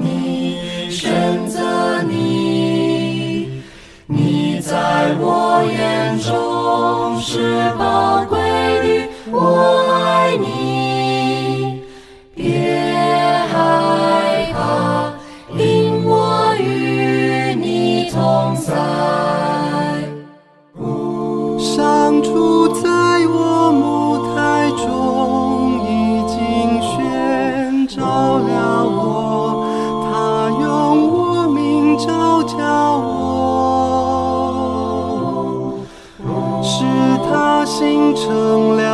你選擇你，你在我眼中是寶貴的。我。成了。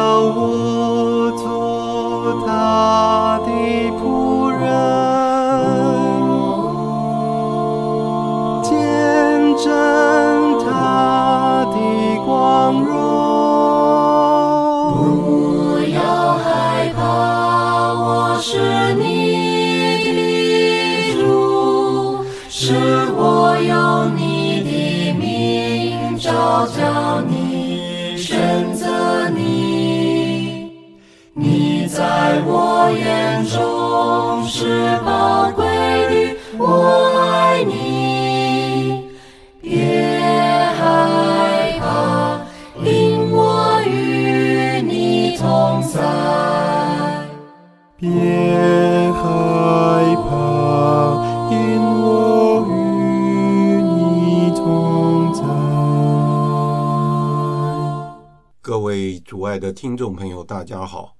的聽眾朋友，大家好，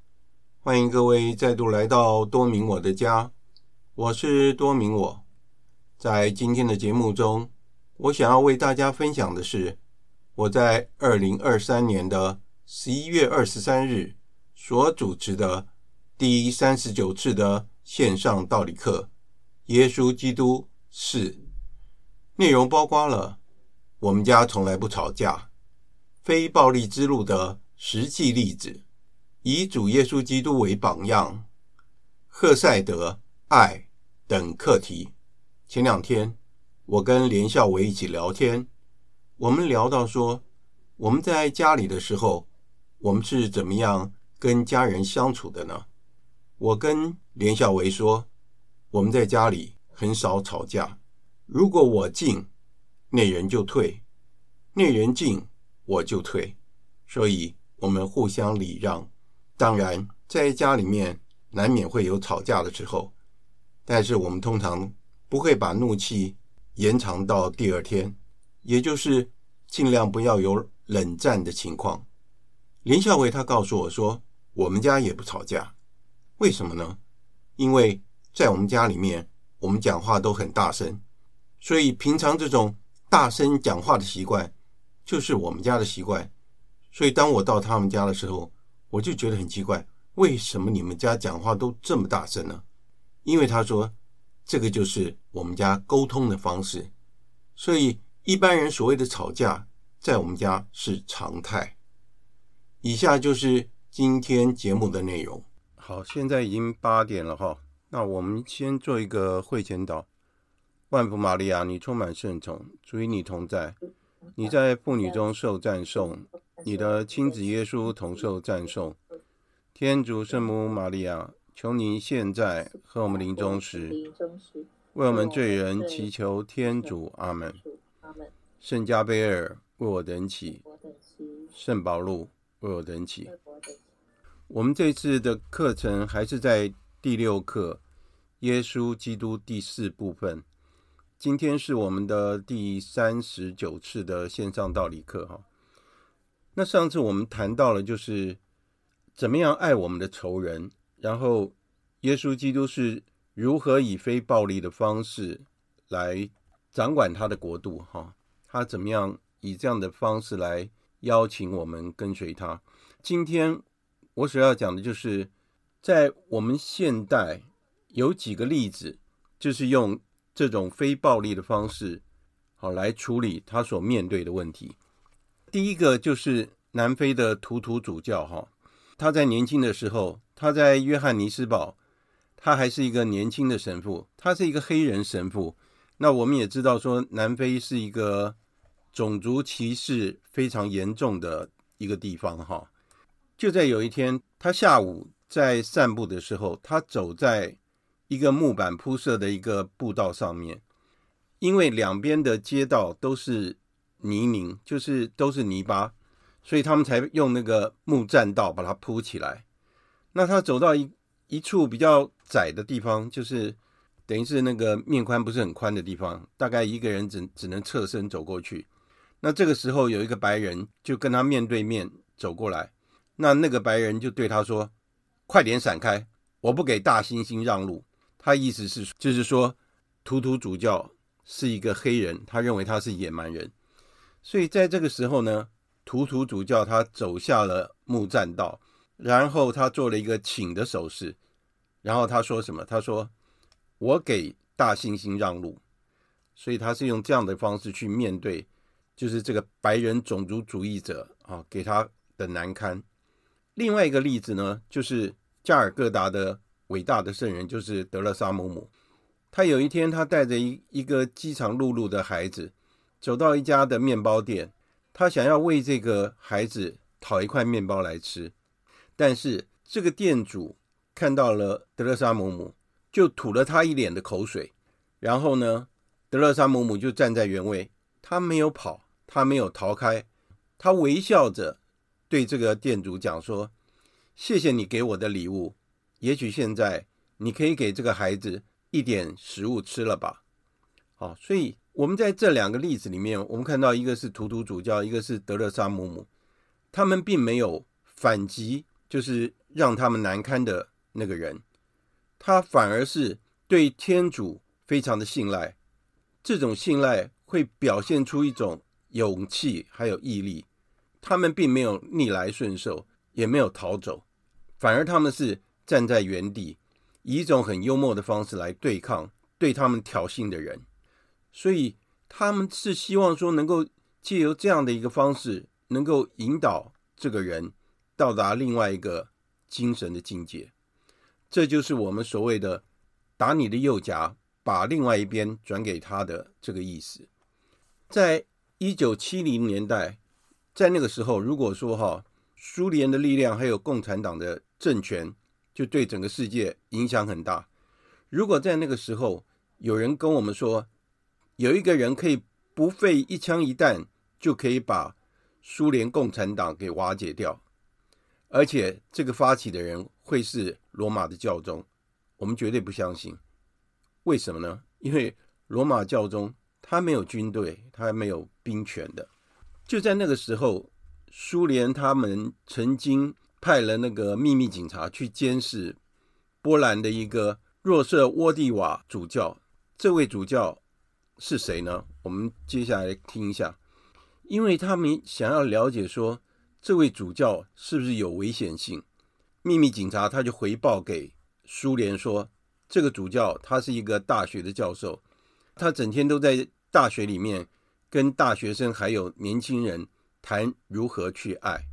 歡迎各位再度來到多明我的家，我是多明我。在今天的節目中，我想要為大家分享的是我在二零二三年的十一月二十三日所主持的第三十九次的線上道理課。耶穌基督是。內容包括了我們家從來不吵架、非暴力之路的。實際例子，以主耶穌基督為榜樣，赫塞德愛等課題。前兩天，我跟連孝維一起聊天，我們聊到說，我們在家裡的時候，我們是怎麼樣跟家人相處的呢？我跟連孝維說，我們在家裡很少吵架，如果我進，那人就退；那人進，我就退。所以。我們互相禮讓，當然，在家裡面難免會有吵架的時候，但是我們通常不會把怒氣延長到第二天，也就是儘量不要有冷戰的情況。林孝偉他告訴我說，我們家也不吵架，為什麼呢？因為在我們家裡面，我們講話都很大聲，所以平常這種大聲講話的習慣，就是我們家的習慣。所以，當我到他們家的時候，我就覺得很奇怪，為什麼你們家講話都這麼大聲呢？因為他說，這個就是我們家溝通的方式。所以，一般人所謂的吵架，在我們家是常態。以下就是今天節目的內容。好，現在已經八點了哈，那我們先做一個會前禱。萬福瑪利亞，你充滿聖寵，主與你同在，你在婦女中受讚頌。你的親子耶穌同受讚頌，天主聖母瑪利亞，求您現在和我們臨終時，為我們罪人祈求天主。阿門。聖加貝爾為我等祈，聖保祿為我等祈。我們這次的課程還是在第六課耶穌基督第四部分。今天是我們的第三十九次的線上道理課，哈。那上次我們談到了，就是怎麼樣愛我們的仇人，然後耶穌基督是如何以非暴力的方式來掌管他的國度，哈，他怎麼樣以這樣的方式來邀請我們跟隨他。今天我所要講的就是，在我們現代有幾個例子，就是用這種非暴力的方式，好來處理他所面對的問題。第一個就是南非的圖圖主教哈，他在年輕的時候，他在約翰尼斯堡，他還是一個年輕的神父，他是一個黑人神父。那我們也知道說，南非是一個種族歧視非常嚴重的一個地方哈。就在有一天，他下午在散步的時候，他走在一個木板鋪設的一個步道上面，因為兩邊的街道都是。泥濘就是都是泥巴，所以他們才用那個木棧道把它鋪起來。那他走到一一處比較窄的地方，就是等於是那個面寬不是很寬的地方，大概一個人只只能側身走過去。那這個時候有一個白人就跟他面對面走過來，那那個白人就對他說：“快點閃開，我不給大猩猩讓路。”他意思是就是說，圖圖主教是一個黑人，他認為他是野蠻人。所以在這個時候呢，圖圖主教他走下了木棧道，然後他做了一個請的手勢，然後他說什麼？他說：“我給大猩猩讓路。”所以他是用這樣的方式去面對，就是這個白人種族主義者啊給他的難堪。另外一個例子呢，就是加爾各答的偉大的聖人，就是德蕾莎姆姆，他有一天他帶着一一個飢腸轆轆的孩子。走到一家的麵包店，他想要為這個孩子討一塊麵包來吃，但是這個店主看到了德蕾莎姆姆，就吐了他一臉的口水。然後呢，德蕾莎姆姆就站在原位，他沒有跑，他沒有逃開，他微笑着對這個店主講說：“謝謝你給我的禮物，也許現在你可以給這個孩子一點食物吃了吧？”好，所以。我們在這兩個例子裡面，我們看到一個是圖圖主教，一個是德勒沙姆姆，他們並沒有反擊，就是讓他們難堪的那個人，他反而是對天主非常的信賴，這種信賴會表現出一種勇氣還有毅力，他們並沒有逆來順受，也沒有逃走，反而他們是站在原地，以一種很幽默的方式來對抗對他們挑釁的人。所以他們是希望說，能夠借由這樣的一個方式，能夠引導這個人到達另外一個精神的境界。這就是我們所謂的“打你的右頰，把另外一邊轉給他的”這個意思。在一九七零年代，在那個時候，如果說哈，蘇聯的力量還有共產黨的政權，就對整個世界影響很大。如果在那個時候有人跟我們說，有一個人可以不費一槍一彈就可以把蘇聯共產黨給瓦解掉，而且這個發起的人會是羅馬的教宗，我們絕對不相信。為什麼呢？因為羅馬教宗他沒有軍隊，他沒有兵權的。就在那個時候，蘇聯他們曾經派了那個祕密警察去監視波蘭的一個若瑟沃蒂瓦主教，這位主教。是誰呢？我們接下來聽一下，因為他們想要了解說這位主教是不是有危險性。秘密警察他就回報給蘇聯說，這個主教他是一個大學的教授，他整天都在大學裡面跟大學生還有年輕人談如何去愛，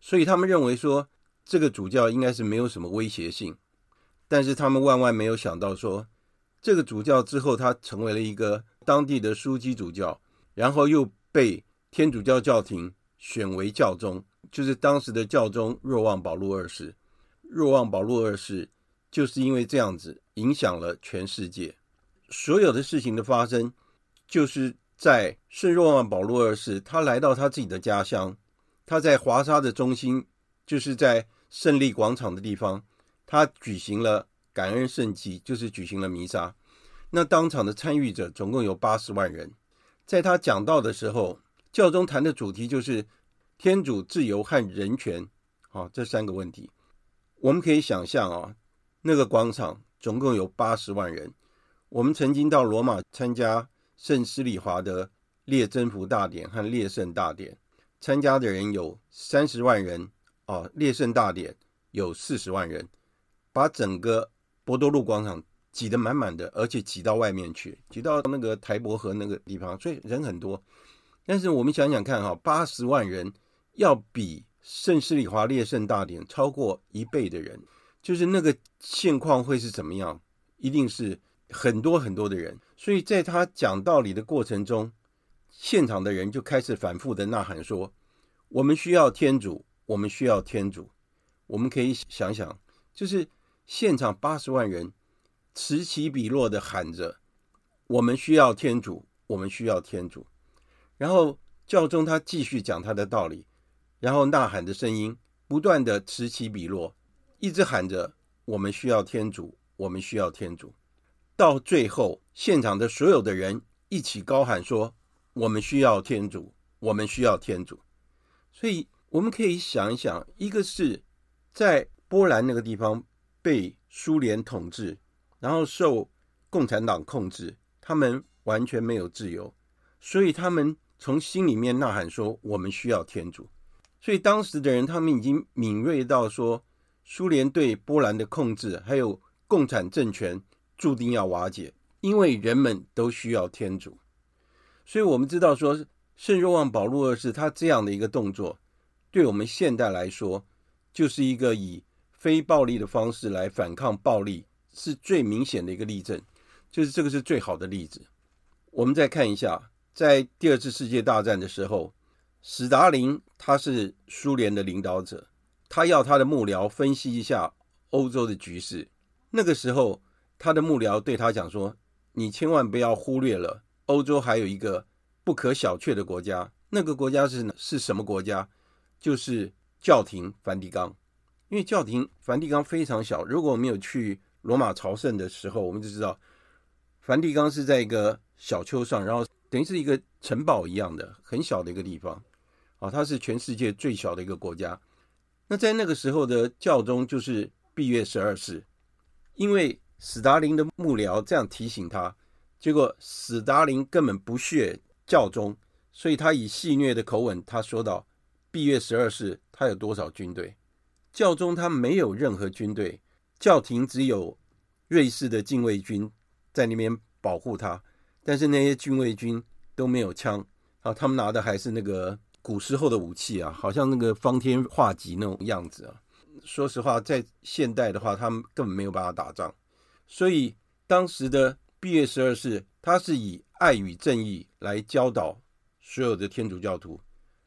所以他們認為說這個主教應該是沒有什麼威脅性。但是他們萬萬沒有想到說這個主教之後他成為了一個。當地的樞機主教，然後又被天主教教廷選為教宗，就是當時的教宗若望保祿二世。若望保祿二世就是因為這樣子影響了全世界所有的事情的發生。就是在聖若望保祿二世他來到他自己的家鄉，他在華沙的中心，就是在勝利廣場的地方，他舉行了感恩聖祭，就是舉行了彌撒。那當場的參與者總共有八十萬人，在他講道的時候，教宗談的主題就是天主、自由和人權，啊，這三個問題。我們可以想象啊，那個廣場總共有八十萬人。我們曾經到羅馬參加聖施禮華的列真福大典和列聖大典，參加的人有三十萬人，啊，列聖大典有四十萬人，把整個伯多祿廣場。擠得滿滿的，而且擠到外面去，擠到那個台伯河那個地方，所以人很多。但是我們想想看、哦，哈，八十萬人要比聖施禮華列聖大典超過一倍的人，就是那個現況會是怎麼樣？一定是很多很多的人。所以在他講道理的過程中，現場的人就開始反覆的吶喊說：“我們需要天主，我們需要天主。”我們可以想想，就是現場八十萬人。此起彼落地喊着：“我們需要天主，我們需要天主。”然後教宗他繼續講他的道理，然後吶喊的聲音不斷的此起彼落，一直喊着：“我們需要天主，我們需要天主。”到最後，現場的所有的人一起高喊說：“我們需要天主，我們需要天主。”所以我們可以想一想，一個是在波蘭那個地方被蘇聯統治。然後受共產黨控制，他們完全沒有自由，所以他們從心裡面吶喊說：“我們需要天主。”所以當時的人，他們已經敏銳到說，蘇聯對波蘭的控制還有共產政權注定要瓦解，因為人們都需要天主。所以，我們知道說，聖若望保祿二世他這樣的一個動作，對我們現代來說，就是一個以非暴力的方式來反抗暴力。是最明顯的一個例證，就是這個是最好的例子。我們再看一下，在第二次世界大戰的時候，史達林他是蘇聯的領導者，他要他的幕僚分析一下歐洲的局勢。那個時候，他的幕僚對他講說：“你千萬不要忽略了歐洲還有一個不可小覷的國家，那個國家是是什麼國家？就是教廷梵蒂岡。因為教廷梵蒂岡非常小，如果沒有去。”羅馬朝聖的時候，我們就知道梵蒂岡是在一個小丘上，然後等於是一個城堡一樣的很小的一個地方。啊、哦，它是全世界最小的一個國家。那在那個時候的教宗就是庇護十二世，因為史達林的幕僚這樣提醒他，結果史達林根本不屑教宗，所以他以戲謔的口吻他說道：“庇護十二世，他有多少軍隊？教宗他沒有任何軍隊。”教廷只有瑞士的禁衛軍在那邊保護他，但是那些禁衛軍都沒有槍啊，他們拿的還是那個古時候的武器啊，好像那個方天畫戟那種樣子啊。說實話，在現代的話，他們根本沒有辦法打仗。所以當時的庇護十二世，他是以愛與正義來教導所有的天主教徒，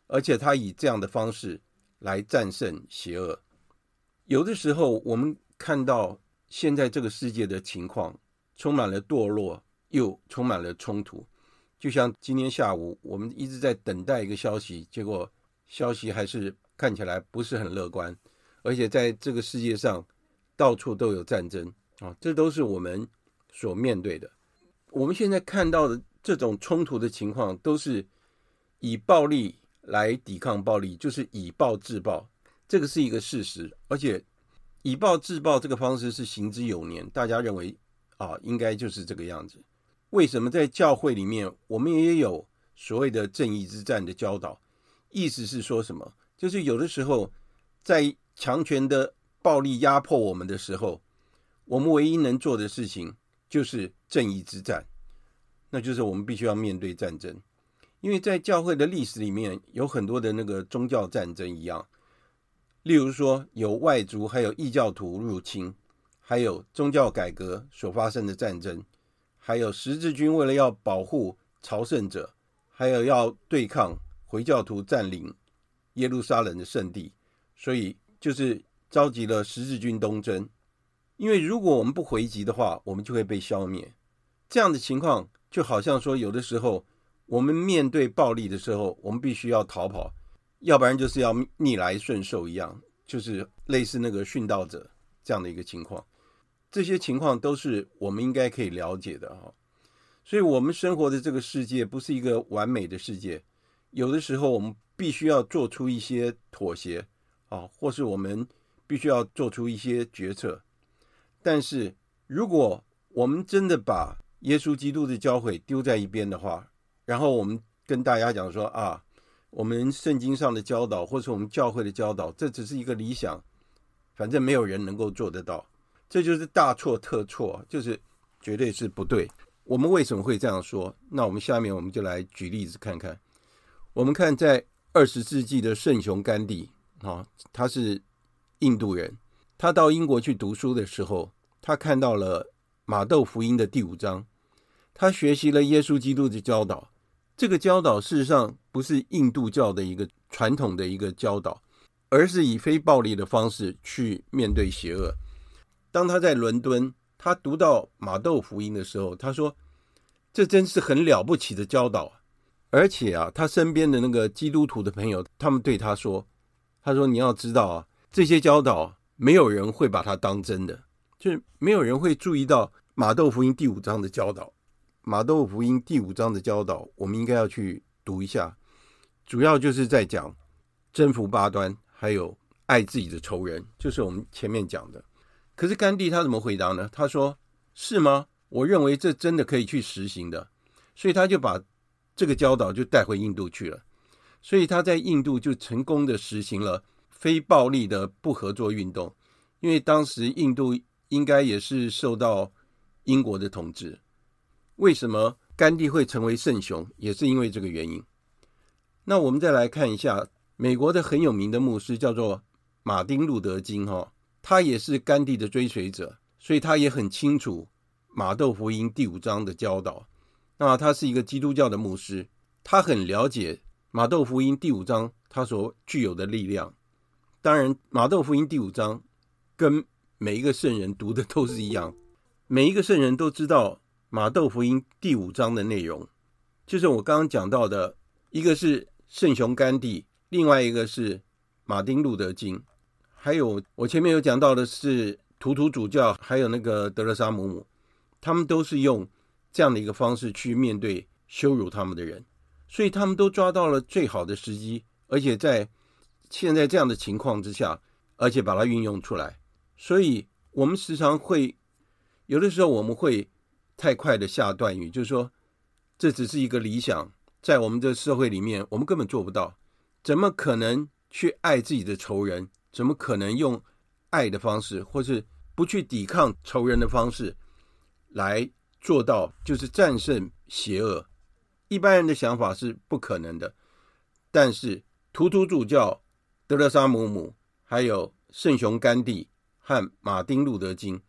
而且他以這樣的方式來戰勝邪惡。有的時候我們。看到現在這個世界的情況，充滿了墮落，又充滿了衝突。就像今天下午，我們一直在等待一個消息，結果消息還是看起來不是很樂觀。而且在這個世界上，到處都有戰爭啊，這都是我們所面對的。我們現在看到的這種衝突的情況，都是以暴力來抵抗暴力，就是以暴制暴，這個是一個事實，而且。以暴制暴這個方式是行之有年，大家認為啊，應該就是這個樣子。為什麼在教會裡面，我們也有所謂的正義之戰的教導？意思是說什麼？就是有的時候在強權的暴力壓迫我們的時候，我們唯一能做的事情就是正義之戰，那就是我們必須要面對戰爭，因為在教會的歷史裡面有很多的那個宗教戰爭一樣。例如說，有外族還有異教徒入侵，還有宗教改革所發生的戰爭，還有十字軍為了要保護朝聖者，還有要對抗回教徒佔領耶路撒冷的聖地，所以就是召集了十字軍東征。因為如果我們不回擊的話，我們就會被消滅。這樣的情況就好像說，有的時候我們面對暴力的時候，我們必須要逃跑。要不然就是要逆來順受一樣，就是類似那個殉道者這樣的一個情況，這些情況都是我們應該可以了解的哈。所以，我們生活的這個世界不是一個完美的世界，有的時候我們必須要做出一些妥協啊，或是我們必須要做出一些決策。但是，如果我們真的把耶穌基督的教誨丟在一邊的話，然後我們跟大家講說啊。我們聖經上的教導，或是我們教會的教導，這只是一個理想，反正沒有人能夠做得到，這就是大錯特錯，就是絕對是不對。我們為什麼會這樣說？那我們下面我們就來舉例子看看。我們看在二十世紀的聖雄甘地啊、哦，他是印度人，他到英國去讀書的時候，他看到了瑪竇福音的第五章，他學習了耶穌基督的教導。這個教導事實上不是印度教的一個傳統的一個教導，而是以非暴力的方式去面對邪惡。當他在倫敦，他讀到瑪竇福音的時候，他說：“這真是很了不起的教導。”而且啊，他身邊的那個基督徒的朋友，他們對他說：“他說你要知道啊，這些教導沒有人會把它當真的，就是沒有人會注意到瑪竇福音第五章的教導。”馬竇福音第五章的教導，我們應該要去讀一下。主要就是在講真福八端，還有愛自己的仇人，就是我們前面講的。可是甘地他怎麼回答呢？他說：“是嗎？我認為這真的可以去實行的。”所以他就把這個教導就帶回印度去了。所以他在印度就成功地實行了非暴力的不合作運動。因為當時印度應該也是受到英國的統治。為什麼甘地會成為聖雄，也是因為這個原因。那我們再來看一下美國的很有名的牧師，叫做馬丁·路德·金，哈、哦，他也是甘地的追隨者，所以他也很清楚瑪竇福音第五章的教導。那他是一個基督教的牧師，他很了解瑪竇福音第五章他所具有的力量。當然，瑪竇福音第五章跟每一個聖人讀的都是一樣，每一個聖人都知道。馬豆福音第五章的內容，就是我剛剛講到的，一個是聖雄甘地,另外一個是馬丁路德金，還有我前面有講到的是圖圖主教，還有那個德蕾莎姆姆，他們都是用這樣的一個方式去面對羞辱他們的人，所以他們都抓到了最好的時機，而且在現在這樣的情況之下，而且把它運用出來，所以我們時常會，有的時候我們會。太快的下斷語，就是說，這只是一個理想，在我們的社會裡面，我們根本做不到。怎麼可能去愛自己的仇人？怎麼可能用愛的方式，或是不去抵抗仇人的方式，來做到就是戰勝邪惡？一般人的想法是不可能的。但是，圖圖主教、德蕾莎姆姆，還有聖雄甘地和馬丁路德金，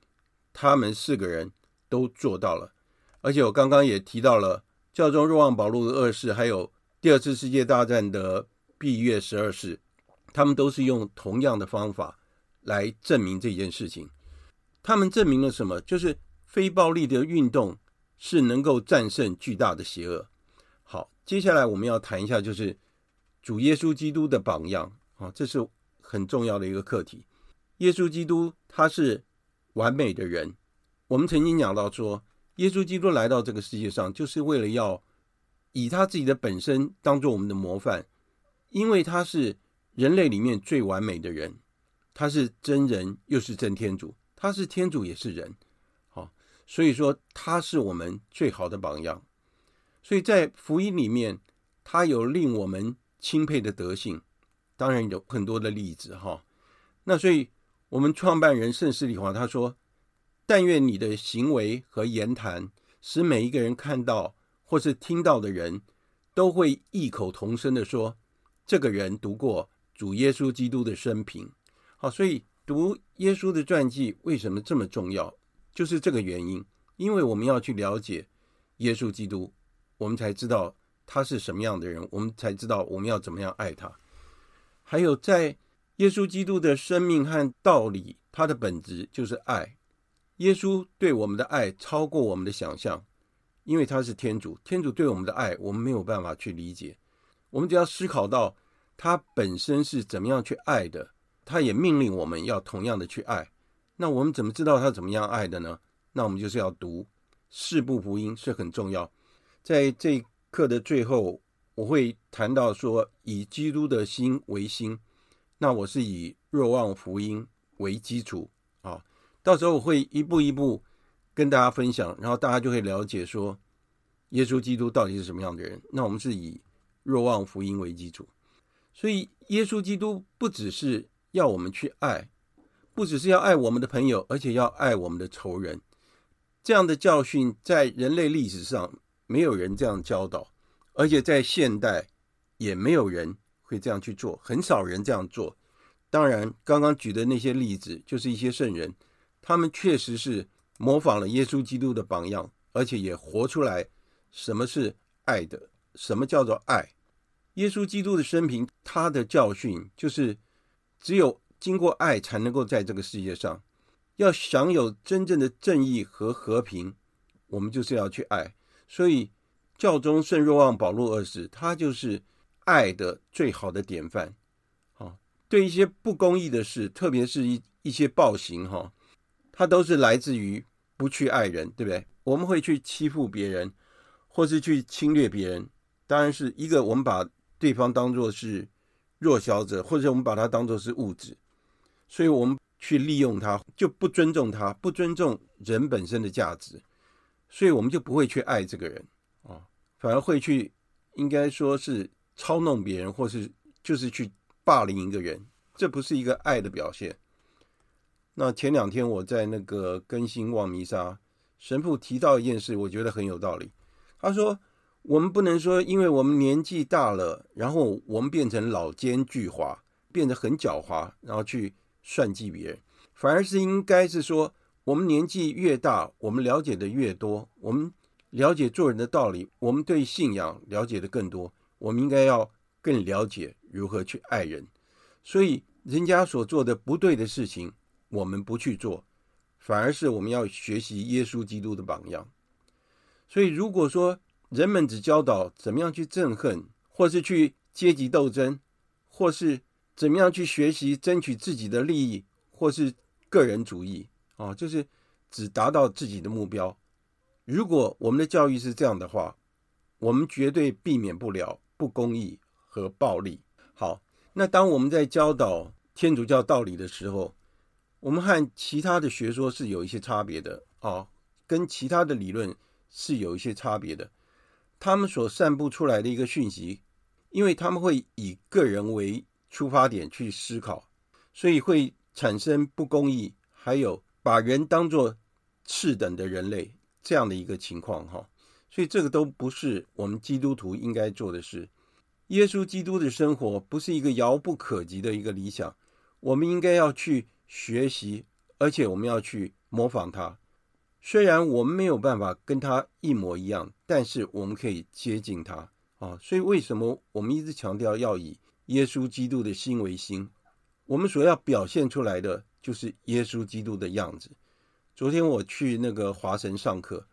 他們四個人。都做到了，而且我剛剛也提到了教宗若望保祿的二世，還有第二次世界大戰的庇護十二世，他們都是用同樣的方法來證明這件事情。他們證明了什麼？就是非暴力的運動是能夠戰勝巨大的邪惡。好，接下來我們要談一下，就是主耶穌基督的榜樣啊、哦，這是很重要的一個課題。耶穌基督他是完美的人。我們曾經講到說，耶穌基督來到這個世界上，就是為了要以他自己的本身當做我們的模範，因為他是人類裡面最完美的人，他是真人又是真天主，他是天主也是人，好，所以說他是我們最好的榜樣。所以在福音裡面，他有令我們欽佩的德性，當然有很多的例子哈。那所以我們創辦人聖施禮華他說。但願你的行為和言談，使每一個人看到或是聽到的人，都會異口同聲地說：“這個人讀過主耶穌基督的生平。”好，所以讀耶穌的傳記為什麼這麼重要？就是這個原因，因為我們要去了解耶穌基督，我們才知道他是什麼樣的人，我們才知道我們要怎麼樣愛他。還有，在耶穌基督的生命和道理，他的本質就是愛。耶穌對我們的愛超過我們的想象，因為他是天主。天主對我們的愛，我們沒有辦法去理解。我們只要思考到他本身是怎麼樣去愛的，他也命令我們要同樣的去愛。那我們怎麼知道他怎麼樣愛的呢？那我們就是要讀四部福音是很重要。在這一課的最後，我會談到說，以基督的心為心。那我是以若望福音為基礎啊。到時候我會一步一步跟大家分享，然後大家就會了解說，耶穌基督到底是什麼樣的人。那我們是以若望福音為基礎，所以耶穌基督不只是要我們去愛，不只是要愛我們的朋友，而且要愛我們的仇人。這樣的教訓在人類歷史上沒有人這樣教導，而且在現代也沒有人會這樣去做，很少人這樣做。當然，剛剛舉的那些例子就是一些聖人。他們確實是模仿了耶穌基督的榜樣，而且也活出來什麼是愛的，什麼叫做愛。耶穌基督的生平，他的教訓就是：只有經過愛，才能夠在這個世界上要享有真正的正義和和平。我們就是要去愛。所以，教宗聖若望保祿二世，他就是愛的最好的典範。好，對一些不公義的事，特別是一一些暴行，哈。它都是來自於不去愛人，對不對？我們會去欺負別人，或是去侵略別人。當然是一個，我們把對方當作是弱小者，或者我們把他當作是物質，所以我們去利用他，就不尊重他，不尊重人本身的價值，所以我們就不會去愛這個人啊，反而會去，應該說是操弄別人，或是就是去霸凌一個人。這不是一個愛的表現。那前兩天我在那個更新望彌撒，神父提到一件事，我覺得很有道理。他說：“我們不能說因為我們年紀大了，然後我們變成老奸巨猾，變得很狡猾，然後去算計別人。反而是應該是說，我們年紀越大，我們了解的越多，我們了解做人的道理，我們對信仰了解的更多，我們應該要更了解如何去愛人。所以，人家所做的不對的事情。”我們不去做，反而是我們要學習耶穌基督的榜樣。所以，如果說人們只教導怎麼樣去憎恨，或是去階級鬥爭，或是怎麼樣去學習爭取自己的利益，或是個人主義啊，就是只達到自己的目標。如果我們的教育是這樣的話，我們絕對避免不了不公義和暴力。好，那當我們在教導天主教道理的時候，我們和其他的學說是有一些差別的啊，跟其他的理論是有一些差別的。他們所散布出來的一個訊息，因為他們會以個人為出發點去思考，所以會產生不公義，還有把人當作次等的人類這樣的一個情況哈、啊。所以這個都不是我們基督徒應該做的事。耶穌基督的生活不是一個遙不可及的一個理想，我們應該要去學習，而且我們要去模仿他。雖然我們沒有辦法跟他一模一樣，但是我們可以接近他啊、哦。所以為什麼我們一直強調要以耶穌基督的心為心？我們所要表現出來的就是耶穌基督的樣子。昨天我去那個華神上課，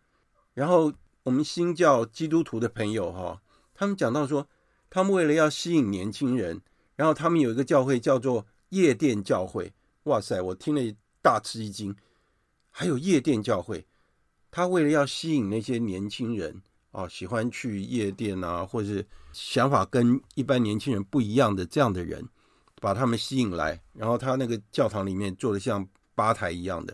然後我們新教基督徒的朋友哈、哦，他們講到說，他們為了要吸引年輕人，然後他們有一個教會叫做夜店教會。哇塞！我聽了大吃一驚。還有夜店教會，他為了要吸引那些年輕人啊、哦，喜歡去夜店啊，或者是想法跟一般年輕人不一樣的這樣的人，把他們吸引來。然後他那個教堂裡面做得像吧台一樣的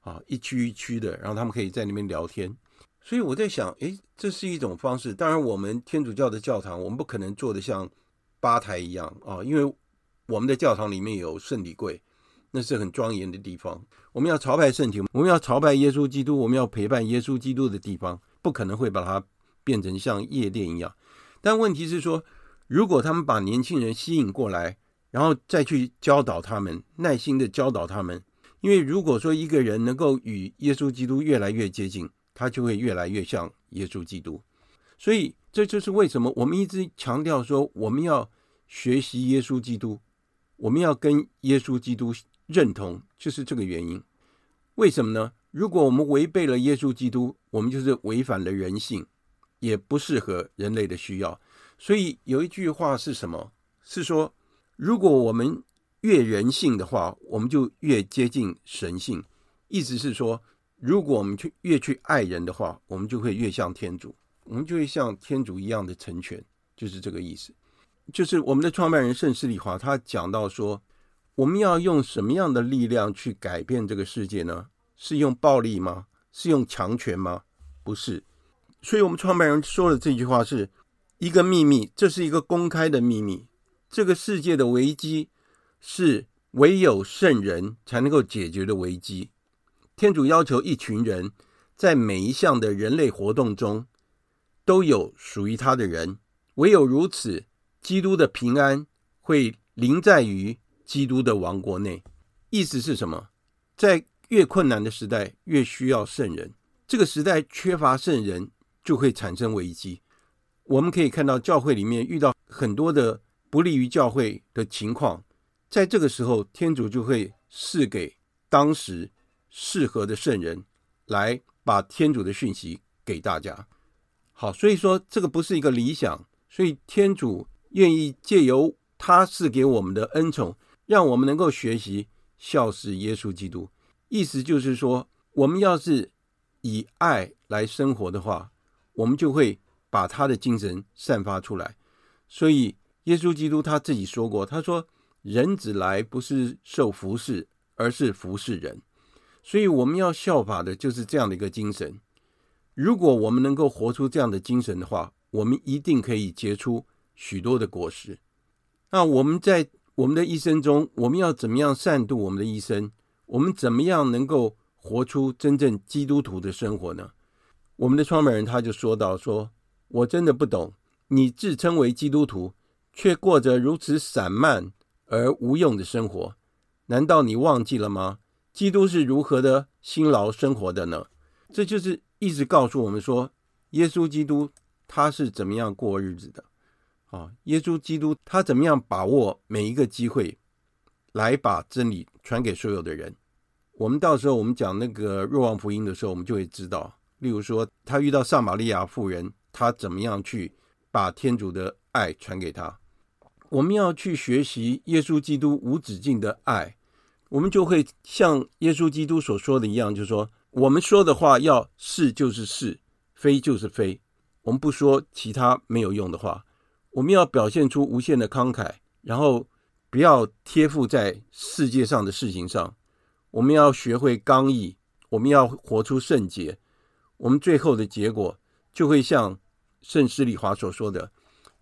啊、哦，一區一區的，然後他們可以在那邊聊天。所以我在想，誒，這是一種方式。當然，我們天主教的教堂，我們不可能做得像吧台一樣啊、哦，因為我們的教堂裡面有聖禮櫃。那是很莊嚴的地方。我們要朝拜聖體。我們要朝拜耶穌基督，我們要陪伴耶穌基督的地方，不可能會把它變成像夜店一樣。但問題是說，如果他們把年輕人吸引過來，然後再去教導他們，耐心地教導他們，因為如果說一個人能夠與耶穌基督越來越接近，他就會越來越像耶穌基督。所以這就是為什麼我們一直強調說，我們要學習耶穌基督，我們要跟耶穌基督。認同就是這個原因，為什麼呢？如果我們違背了耶穌基督，我們就是違反了人性，也不適合人類的需要。所以有一句話是什麼？是說，如果我們越人性的話，我們就越接近神性。意思是說，如果我們去越去愛人的話，我們就會越像天主，我們就會像天主一樣的成全，就是這個意思。就是我們的創辦人聖施禮華，他講到說，我們要用什麼樣的力量去改變這個世界呢？是用暴力嗎？是用強權嗎？不是。所以我們創辦人說的這句話是一個秘密，這是一個公開的秘密。這個世界的危機是唯有聖人才能夠解決的危機。天主要求一群人在每一項的人類活動中都有屬於他的人，唯有如此，基督的平安會臨在於。基督的王國內，意思是什麼？在越困難的時代，越需要聖人。這個時代缺乏聖人，就會產生危機。我們可以看到教會裡面遇到很多的不利於教會的情況，在這個時候，天主就會賜給當時適合的聖人，來把天主的訊息給大家。好，所以說這個不是一個理想，所以天主願意借由他賜給我們的恩寵。讓我們能夠學習效事耶穌基督，意思就是說，我們要是以愛來生活的話，我們就會把他的精神散發出來。所以，耶穌基督他自己說過，他說：“人子來不是受服侍，而是服侍人。”所以，我們要效法的就是這樣的一個精神。如果我們能夠活出這樣的精神的話，我們一定可以結出許多的果實。那我們在。我們的一生中，我們要怎麼樣善度我們的一生？我們怎麼樣能夠活出真正基督徒的生活呢？我們的創辦人他就說到說：“說我真的不懂，你自稱為基督徒，卻過着如此散漫而無用的生活，難道你忘記了嗎？基督是如何的辛勞生活的呢？”這就是一直告訴我們說，耶穌基督他是怎麼樣過日子的。啊，耶穌基督他怎麼樣把握每一個機會來把真理傳給所有的人？我們到時候我們講那個若望福音的時候，我們就會知道。例如說，他遇到撒瑪利亞婦人，他怎麼樣去把天主的愛傳給他？我們要去學習耶穌基督無止境的愛，我們就會像耶穌基督所說的一樣，就是說，我們說的話要是就是是，非就是非，我們不說其他沒有用的話。我們要表現出無限的慷慨，然後不要貼附在世界上的事情上。我們要學會剛毅，我們要活出聖潔。我們最後的結果就會像聖施禮華所說的，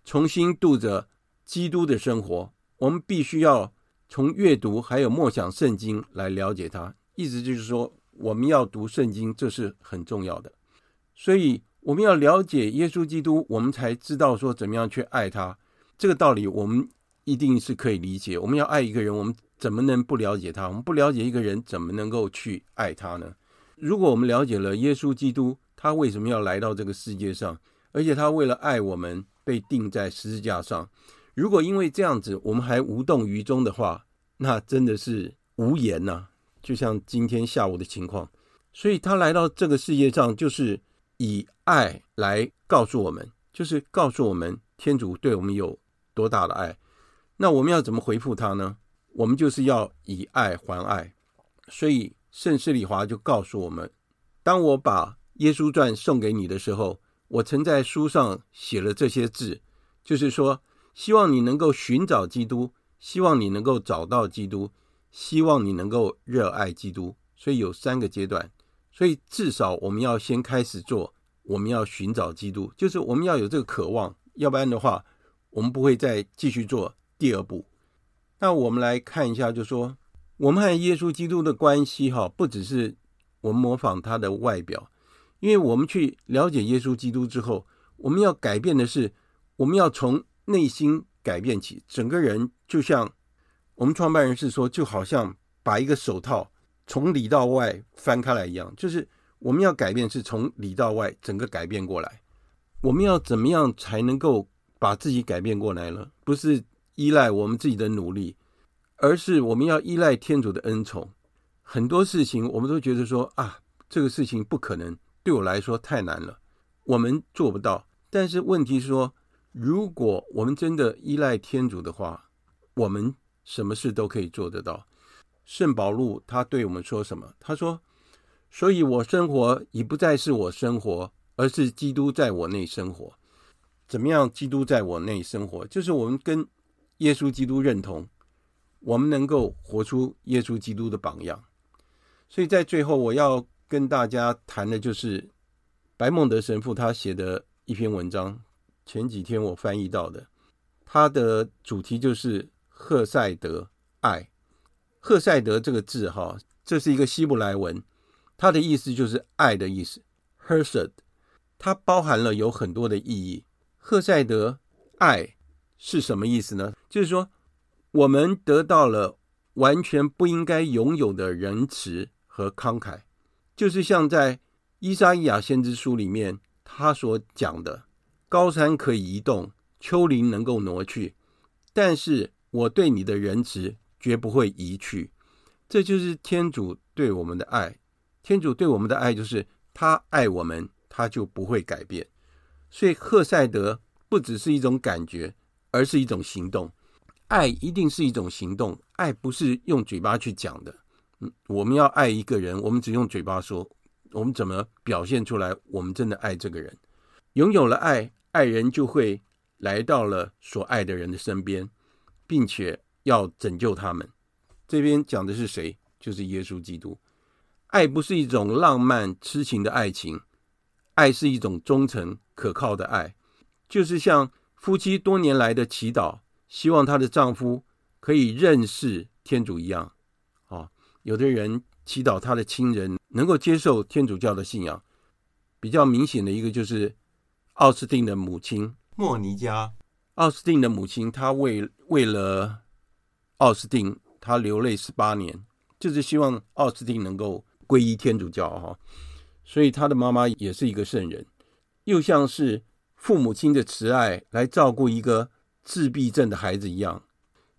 重新度着基督的生活。我們必須要從閱讀還有默想聖經來了解它。意思就是說，我們要讀聖經，這是很重要的。所以。我們要了解耶穌基督，我們才知道說怎麼樣去愛他。這個道理我們一定是可以理解。我們要愛一個人，我們怎麼能不了解他？我們不了解一個人，怎麼能夠去愛他呢？如果我們了解了耶穌基督，他為什麼要來到這個世界上？而且他為了愛我們被釘在十字架上。如果因為這樣子我們還無動於衷的話，那真的是無言吶、啊。就像今天下午的情況，所以他來到這個世界上就是以。愛來告訴我們，就是告訴我們天主對我們有多大的愛。那我們要怎麼回復他呢？我們就是要以愛還愛。所以聖施禮華就告訴我們，當我把《耶穌傳》送給你的時候，我曾在書上寫了這些字，就是說，希望你能夠尋找基督，希望你能夠找到基督，希望你能夠熱愛基督。所以有三個階段，所以至少我們要先開始做。我們要尋找基督，就是我們要有這個渴望，要不然的話，我們不會再繼續做第二步。那我們來看一下，就說我們和耶穌基督的關係哈，不只是我們模仿他的外表，因為我們去了解耶穌基督之後，我們要改變的是，我們要從內心改變起，整個人就像我們創辦人是說，就好像把一個手套從裡到外翻開來一樣，就是。我們要改變是從裡到外整個改變過來。我們要怎麼樣才能夠把自己改變過來呢？不是依賴我們自己的努力，而是我們要依賴天主的恩寵。很多事情我們都覺得說啊，這個事情不可能，對我來說太難了，我們做不到。但是問題是說，如果我們真的依賴天主的話，我們什麼事都可以做得到。聖保祿他對我們說什麼？他說。所以，我生活已不再是我生活，而是基督在我內生活。怎麼樣？基督在我內生活，就是我們跟耶穌基督認同，我們能夠活出耶穌基督的榜樣。所以在最後，我要跟大家談的就是白孟德神父他寫的一篇文章，前幾天我翻譯到的，他的主題就是“赫塞德愛”。赫塞德這個字，哈，這是一個希伯來文。它的意思就是愛的意思，Hesed，它包含了有很多的意義。赫塞德愛是什麼意思呢？就是說，我們得到了完全不應該擁有的仁慈和慷慨，就是像在《伊莎伊亞先知書》裡面他所講的：“高山可以移動，丘陵能夠挪去，但是我對你的仁慈絕不會移去。”這就是天主對我們的愛。天主對我們的愛就是他愛我們，他就不會改變。所以，赫塞德不只是一種感覺，而是一種行動。愛一定是一種行動，愛不是用嘴巴去講的。嗯，我們要愛一個人，我們只用嘴巴說，我們怎麼表現出來？我們真的愛這個人。擁有了愛，愛人就會來到了所愛的人的身邊，並且要拯救他們。這邊講的是誰？就是耶穌基督。愛不是一種浪漫癡情的愛情，愛是一種忠誠可靠的愛，就是像夫妻多年來的祈禱，希望她的丈夫可以認識天主一樣。哦，有的人祈禱他的親人能夠接受天主教的信仰。比較明顯的一個就是奧斯汀的母親莫尼加。奧斯汀的母親，她為為了奧斯汀，她流淚十八年，就是希望奧斯汀能夠皈依天主教哈，所以他的媽媽也是一個聖人，又像是父母親的慈愛來照顧一個自閉症的孩子一樣，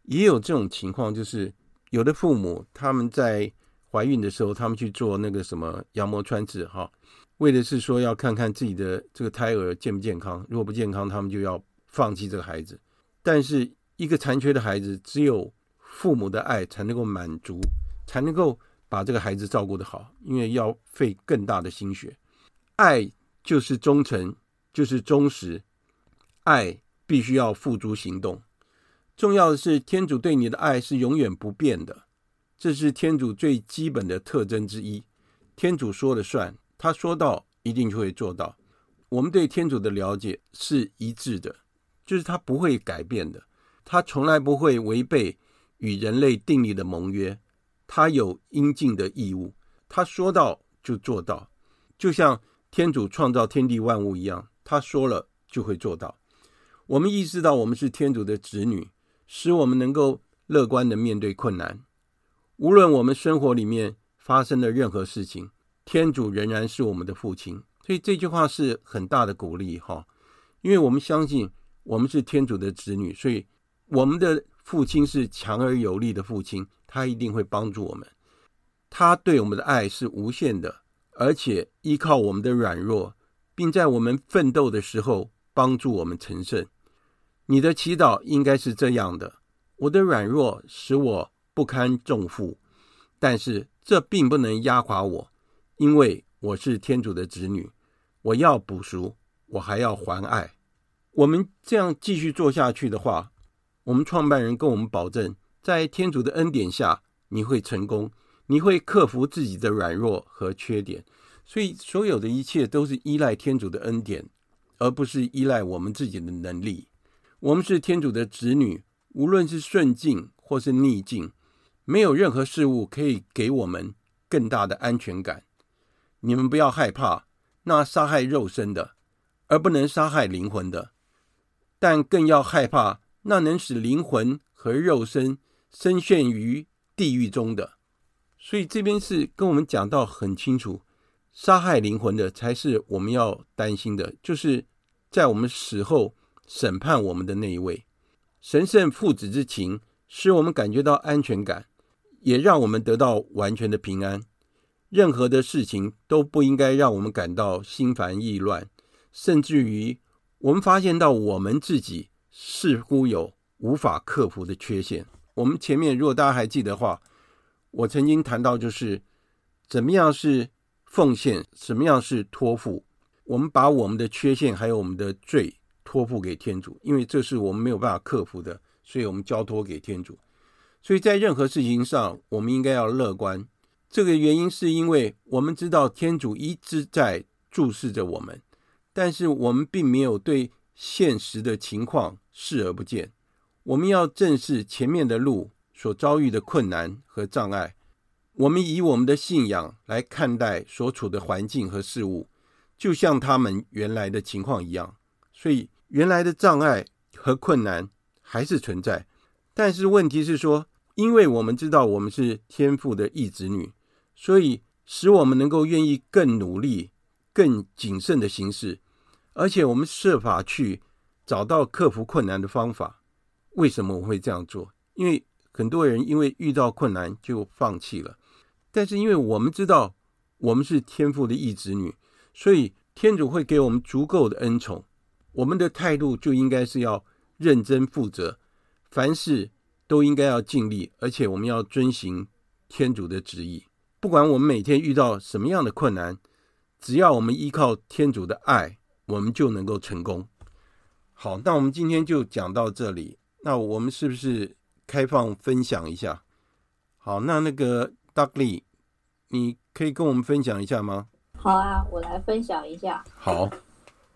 也有這種情況，就是有的父母他們在懷孕的時候，他們去做那個什麼羊膜穿刺哈，為的是說要看看自己的這個胎兒健不健康，如果不健康，他們就要放棄這個孩子。但是一個殘缺的孩子，只有父母的愛才能夠滿足，才能夠。把這個孩子照顧得好，因為要費更大的心血。愛就是忠誠，就是忠實。愛必須要付諸行動。重要的是，天主對你的愛是永遠不變的，這是天主最基本的特徵之一。天主說了算，他說到一定就會做到。我們對天主的了解是一致的，就是他不會改變的，他從來不會違背與人類訂立的盟約。他有應盡的義務，他說到就做到，就像天主創造天地萬物一樣，他說了就會做到。我們意識到我們是天主的子女，使我們能夠樂觀的面對困難。無論我們生活裡面發生的任何事情，天主仍然是我們的父親。所以這句話是很大的鼓勵哈，哦，因為我們相信我們是天主的子女，所以我們的父親是強而有力的父親。他一定會幫助我們，他對我們的愛是無限的，而且依靠我們的軟弱，並在我們奮鬥的時候幫助我們成聖。你的祈禱應該是這樣的：我的軟弱使我不堪重負，但是這並不能壓垮我，因為我是天主的子女。我要補贖，我還要還愛。我們這樣繼續做下去的話，我們創辦人跟我們保證。在天主的恩典下，你會成功，你會克服自己的軟弱和缺點。所以，所有的一切都是依賴天主的恩典，而不是依賴我們自己的能力。我們是天主的子女，無論是順境或是逆境，沒有任何事物可以給我們更大的安全感。你們不要害怕那殺害肉身的，而不能殺害靈魂的，但更要害怕那能使靈魂和肉身深陷於地獄中的。所以這邊是跟我們講到很清楚，殺害靈魂的才是我們要擔心的，就是在我們死後審判我們的那一位。神聖父子之情使我們感覺到安全感，也讓我們得到完全的平安。任何的事情都不應該讓我們感到心煩意亂，甚至於我們發現到我們自己似乎有無法克服的缺陷。我們前面如果大家還記得話，我曾經談到就是怎麼樣是奉獻，什麼樣是托付。我們把我們的缺陷還有我們的罪托付給天主，因為這是我們沒有辦法克服的，所以我們交托給天主。所以在任何事情上，我們應該要樂觀。這個原因是因為我們知道天主一直在注視着我們，但是我們並沒有對現實的情況視而不見。我們要正視前面的路所遭遇的困難和障礙。我們以我們的信仰來看待所處的環境和事物，就像他們原來的情況一樣。所以原來的障礙和困難還是存在。但是問題是說，因為我們知道我們是天父的義子女，所以使我們能夠願意更努力、更謹慎的行事，而且我們設法去找到克服困難的方法。為什麼我會這樣做？因為很多人因為遇到困難就放棄了，但是因為我們知道我們是天父的義子女，所以天主會給我們足夠的恩寵。我們的態度就應該是要認真負責，凡事都應該要盡力，而且我們要遵循天主的旨意。不管我們每天遇到什麼樣的困難，只要我們依靠天主的愛，我們就能夠成功。好，那我們今天就講到這裡。那我們是不是開放分享一下？好，那那個 Duckley，你可以跟我們分享一下嗎？好啊，我來分享一下。好，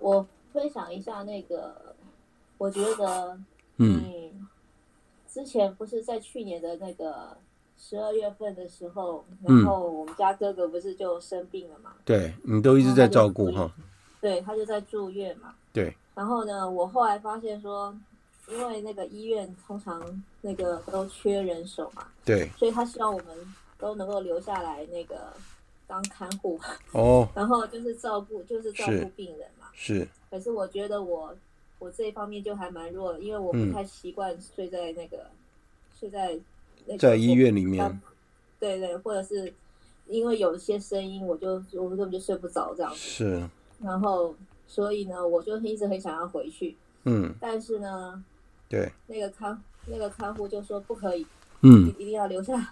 我分享一下那個，我覺得，嗯，嗯，之前不是在去年的那個十二月份的時候，嗯、然後我們家哥哥不是就生病了嘛？對，你都一直在照顧哈？他啊、對，他就在住院嘛。對。然後呢，我後來發現說，因為那個醫院通常那個都缺人手嘛，對，所以他希望我們都能夠留下來，那個當看護哦，然後就是照顧，就是照顧病人嘛。是。可是我覺得我我這一方面就還蠻弱的，因為我不太習慣睡在那個、嗯、睡在那個在醫院裡面，對對，或者是因為有一些聲音我，我就我根本就睡不着這樣子。是。然後，所以呢，我就一直很想要回去，嗯，但是呢。對那，那個看那個看護就說不可以，嗯，一定要留下來。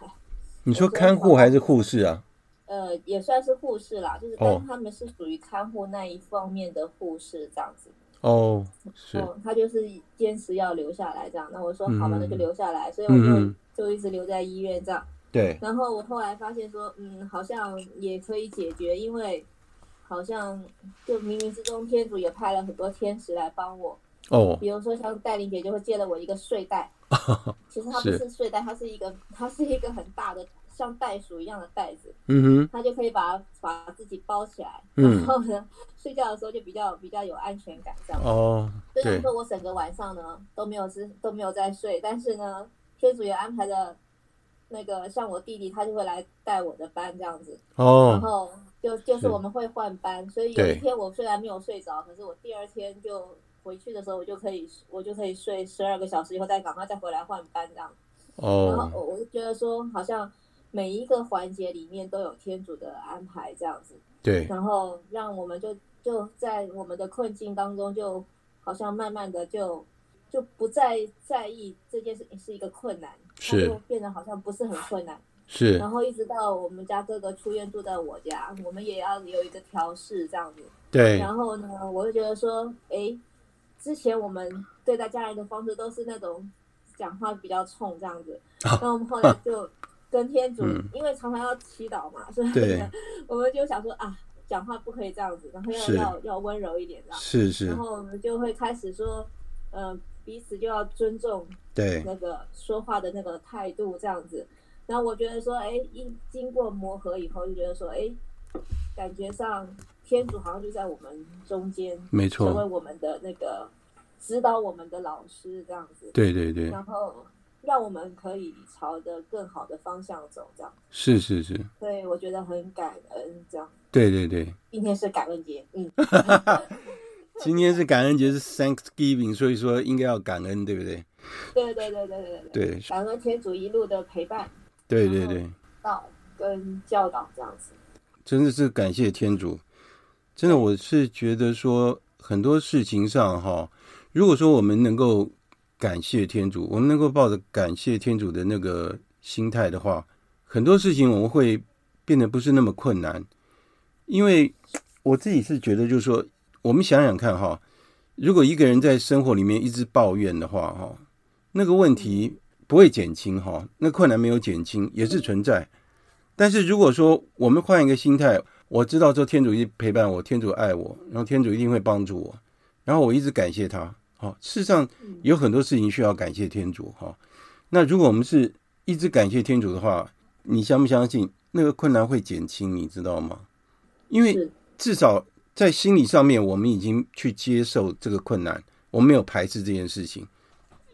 你說看護還是護士啊？呃，也算是護士啦，就是當他們是屬於看護那一方面的護士、哦、這樣子。哦，是哦。他就是堅持要留下來這樣，那我說好吧，那就留下來。嗯、所以我就、嗯、就一直留在醫院這樣。對。然後我後來發現說，嗯，好像也可以解決，因為好像就冥冥之中天主也派了很多天使來幫我。哦，oh, 比如說像戴林姐就會借了我一個睡袋，oh, 其實它不是睡袋，它是一個它是一個很大的像袋鼠一樣的袋子，嗯哼、mm，hmm. 它就可以把它把自己包起來，嗯、然後呢睡覺的時候就比較比較有安全感，這樣哦，所以、oh, 說我整個晚上呢對都沒有是都沒有在睡，但是呢天主也安排了那個像我弟弟他就會來帶我的班這樣子，哦，oh, 然後就就是我們會換班，對所以有一天我雖然沒有睡着，可是我第二天就。回去的時候我，我就可以我就可以睡十二個小時，以後再趕快再回來換班這樣哦。Oh, 然後我我就覺得說，好像每一個環節裡面都有天主的安排這樣子。對。然後讓我們就就在我們的困境當中，就好像慢慢的就就不再在意這件事情是一個困難，它就變得好像不是很困難。是。然後一直到我們家哥哥出院住在我家，我們也要有一個調試這樣子。對。然後呢，我就覺得說，哎。之前我們對待家人的方式都是那種講話比較衝這樣子，哦、然後我們後來就跟天主，嗯、因為常常要祈禱嘛，對所以我們就想說啊，講話不可以這樣子，然後要是要要溫柔一點這樣，是是，然後我們就會開始說，嗯、呃，彼此就要尊重，對那個說話的那個態度這樣子，對然後我覺得說，哎，一經過磨合以後，就覺得說，哎，感覺上。天主好像就在我們中間，沒錯，成為我們的那個指導我們的老師，這樣子。對對對。然後讓我們可以朝着更好的方向走，這樣。是是是。對，我覺得很感恩這樣。對對對。今天是感恩節，嗯。 今天是感恩節，是 Thanksgiving，所以說應該要感恩，對不對？對對對對對對。對，感恩天主一路的陪伴。對對對。道跟教導這樣子。真的是感謝天主。真的，我是覺得說很多事情上哈，如果說我們能夠感謝天主，我們能夠抱着感謝天主的那個心態的話，很多事情我們會變得不是那麼困難。因為我自己是覺得，就是說，我們想想看哈，如果一個人在生活裡面一直抱怨的話哈，那個問題不會減輕哈，那困難沒有減輕也是存在。但是如果說我們換一個心態，我知道，這天主一直陪伴我，天主愛我，然後天主一定會幫助我，然後我一直感謝他。好、哦，事實上有很多事情需要感謝天主。哈、哦，那如果我們是一直感謝天主的話，你相不相信那個困難會減輕？你知道嗎？因為至少在心理上面，我們已經去接受這個困難，我們沒有排斥這件事情。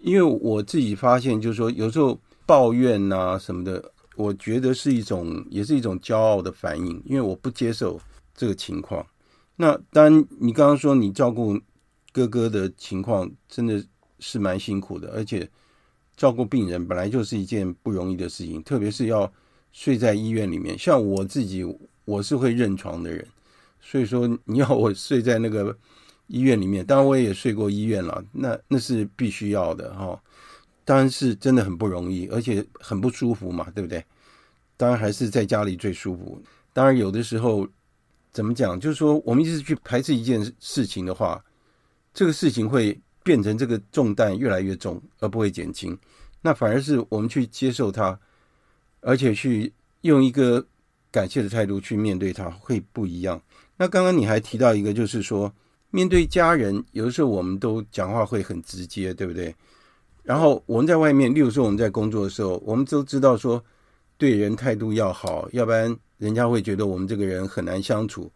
因為我自己發現，就是說有時候抱怨啊什麼的。我覺得是一種，也是一種驕傲的反應，因為我不接受這個情況。那當然，你剛剛說你照顧哥哥的情況，真的是蠻辛苦的，而且照顧病人本來就是一件不容易的事情，特別是要睡在醫院裡面。像我自己，我是會認床的人，所以說你要我睡在那個醫院裡面，當然我也睡過醫院了，那那是必須要的哈。當然是真的很不容易，而且很不舒服嘛，對不對？當然還是在家裡最舒服。當然有的時候，怎麼講？就是說，我們一直去排斥一件事情的話，這個事情會變成這個重擔越來越重，而不會減輕。那反而是我們去接受它，而且去用一個感謝的態度去面對它，會不一樣。那剛剛你還提到一個，就是說，面對家人，有的時候我們都講話會很直接，對不對？然後我們在外面，例如說我們在工作的時候，我們都知道說對人態度要好，要不然人家會覺得我們這個人很難相處，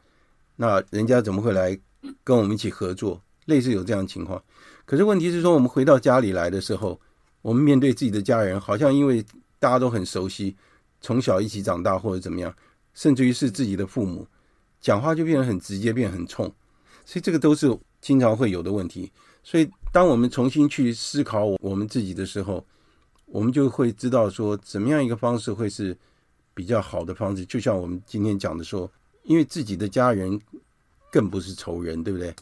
那人家怎麼會來跟我們一起合作？類似有這樣的情況。可是問題是說，我們回到家裡來的時候，我們面對自己的家人，好像因為大家都很熟悉，從小一起長大或者怎麼樣，甚至於是自己的父母，講話就變得很直接，變得很衝。所以這個都是經常會有的問題。所以。當我們重新去思考我我們自己的時候，我們就會知道說怎麼樣一個方式會是比較好的方式。就像我們今天講的說，因為自己的家人更不是仇人，對不對？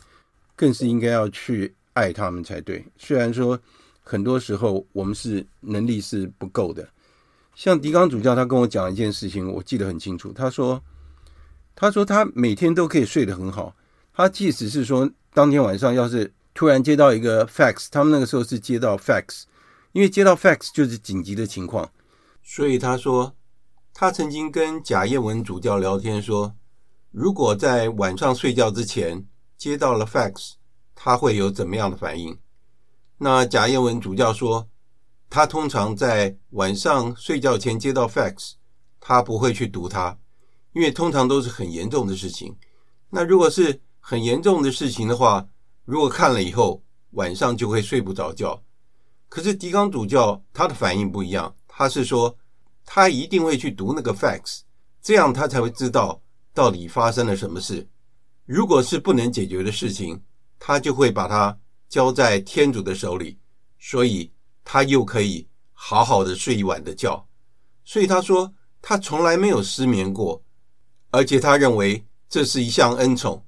更是應該要去愛他們才對。雖然說很多時候我們是能力是不夠的，像狄剛主教他跟我講一件事情，我記得很清楚。他說，他說他每天都可以睡得很好，他即使是說當天晚上要是。突然接到一個 fax，他們那個時候是接到 fax，因為接到 fax 就是緊急的情況，所以他說，他曾經跟賈彥文主教聊天說，如果在晚上睡覺之前接到了 fax，他會有怎麼樣的反應？那賈彥文主教說，他通常在晚上睡覺前接到 fax，他不會去讀它，因為通常都是很嚴重的事情。那如果是很嚴重的事情的話，如果看了以後，晚上就會睡不着覺，可是狄剛主教他的反應不一樣，他是說他一定會去讀那個 facts，這樣他才會知道到底發生了什麼事。如果是不能解決的事情，他就會把它交在天主的手裡，所以他又可以好好的睡一晚的覺。所以他說他從來沒有失眠過，而且他認為這是一項恩寵。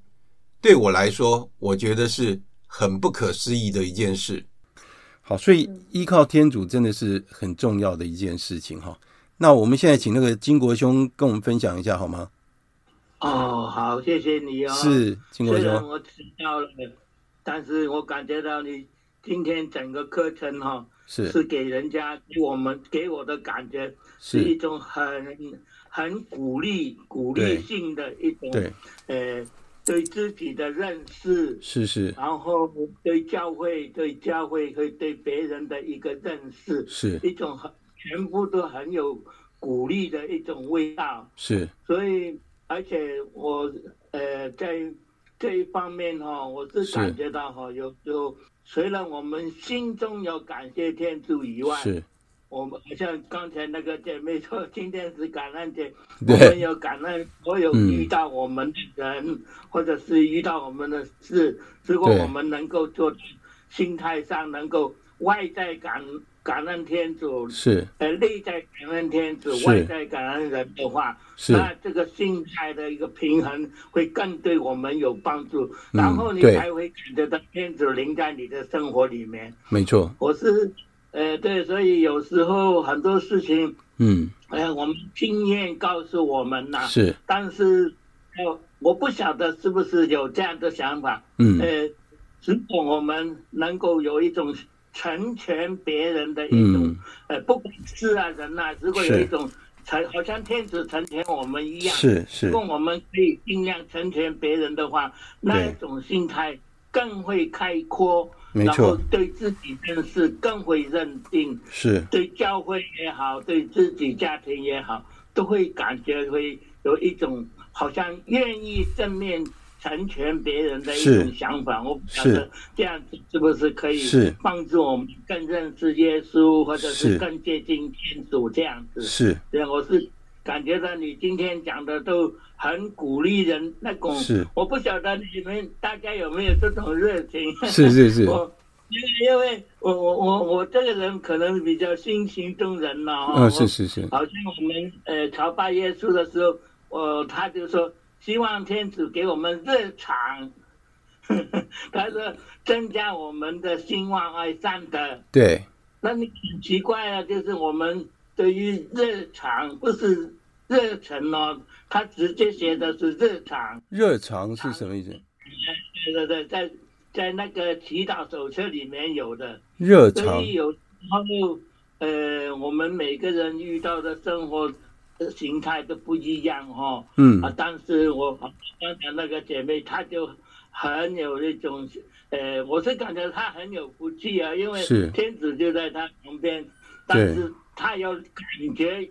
對我來說，我覺得是很不可思議的一件事。好，所以依靠天主真的是很重要的一件事情哈、哦。那我們現在請那個金國兄跟我們分享一下好嗎？哦，好，謝謝你哦。是，金國兄，我知道了。但是我感覺到你今天整個課程哈、哦，是是給人家、給我們、給我的感覺是一種很很鼓勵、鼓勵性的一種。對，呃。對自己的認識是是，然後對教會、對教會和對別人的一個認識是，一種很全部都很有鼓勵的一種味道是。所以，而且我呃在這一方面哈，我是感覺到哈，是有時候雖然我們心中要感謝天主以外是。我們好像剛才那個姐妹說，今天是感恩節，對我們要感恩所有遇到我們的人，嗯、或者是遇到我們的事。對如果我們能夠做，心態上能夠外在感感恩天主，是；呃，內在感恩天主，是外在感恩人的話，是。那這個心態的一個平衡會更對我們有幫助。嗯、然後你才會感覺到天主臨在你的生活裡面。沒錯，我是。呃，對，所以有時候很多事情，嗯，哎呀，我們經驗告訴我們吶、啊，是，但是，呃，我不曉得是不是有這樣的想法，嗯，呃，如果我們能夠有一種成全別人的一種，嗯、呃，不管是啊人吶、啊，如果有一種成，是好像天子成全我們一樣，是是，是如果我們可以盡量成全別人的話，對那一種心態更會開闊。沒錯，然後對自己認識更會認定，是。對教會也好，對自己家庭也好，都會感覺會有一種好像願意正面成全別人的一種想法。是我不曉得這樣子是不是可以幫助我們更認識耶穌，是或者是更接近天主這樣子？是。對，我是。感覺到你今天講的都很鼓勵人，那種，是，我不曉得你們大家有沒有這種熱情？是是是， 因為因為我我我我這個人可能比較性情中人哦，哦我是是是，好像我們呃朝拜耶穌的時候，我、呃、他就說希望天主給我們熱場 他說增加我們的信望愛三德。對，那你很奇怪啊，就是我們對於熱場不是。熱常咯、哦，他直接寫的是熱常。熱常是什麼意思？對對對，在在那個祈禱手冊裡面有的。熱情，所以有，然後呃，我們每個人遇到的生活的形態都不一樣哈、哦。嗯。啊，但是我剛才那個姐妹，她就很有那種，呃，我是感覺她很有福氣啊，因為天子就在她旁邊，是但是她有感覺。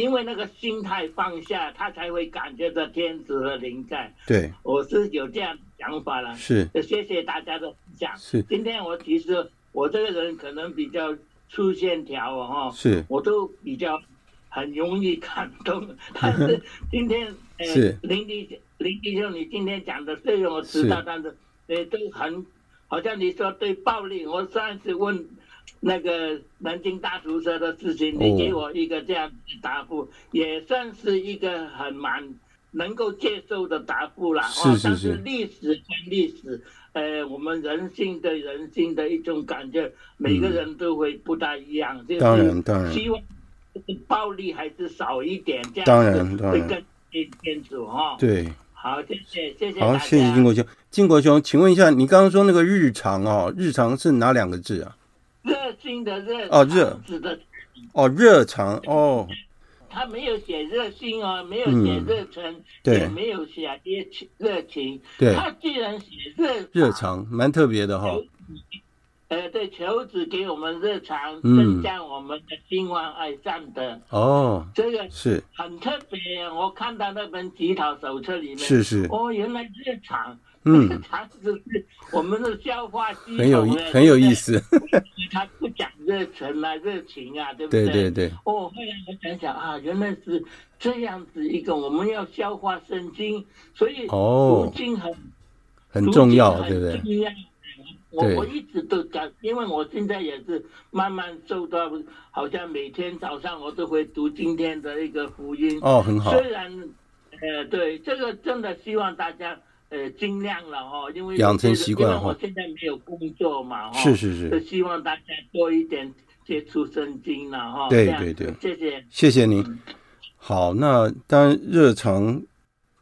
因為那個心態放下，他才會感覺到天主的臨在。對，我是有這樣想法了。是，謝謝大家的講。是，今天我其實我這個人可能比較粗線條哦，哈。是。我都比較很容易感動。 但是今天，呃、 是林弟兄，林弟兄，你今天講的雖然我知道，但是呃，都很好像你說對暴力，我上一次問。那個南京大屠殺的事情，你給我一個這樣的答覆，哦、也算是一個很蠻能夠接受的答覆了。是是是。哦、但是歷史跟歷史，呃，我們人性對人性的一種感覺，每個人都會不大一樣。當然當然。希望暴力還是少一點，當然這樣當然當然會更更清楚哈。哦、對。好，謝謝謝謝。好，謝謝金國兄。金國兄，請問一下，你剛剛說那個日常啊、哦，日常是哪兩個字啊？心的熱哦熱哦熱腸哦，他、哦哦、沒有寫熱心哦，沒有寫熱誠，嗯、也沒有寫熱情熱情。對，他居然寫熱熱腸，蠻特別的哈、哦。呃，對，求子給我們熱腸，嗯、增加我們的興旺而上的哦。這個是很特別，是我看到那本祈禱手冊裡面是是哦，原來是腸。嗯，他是我們的消化系統，很有很有意思， 他不講熱忱啊，熱情啊，對不對？對對對。哦，後來我想想啊，原來是這樣子一個，我們要消化聖經，所以讀經很，哦、很重要，重要對不對？對。我我一直都講，因為我現在也是慢慢受到，好像每天早上我都會讀今天的一個福音。哦，很好。雖然，呃，對這個真的希望大家。呃，盡量了哈，因為養成習慣哈。我現在沒有工作嘛，是是是，希望大家多一點接觸聖經了，對對對，樣謝謝，謝謝您。嗯、好，那當然熱腸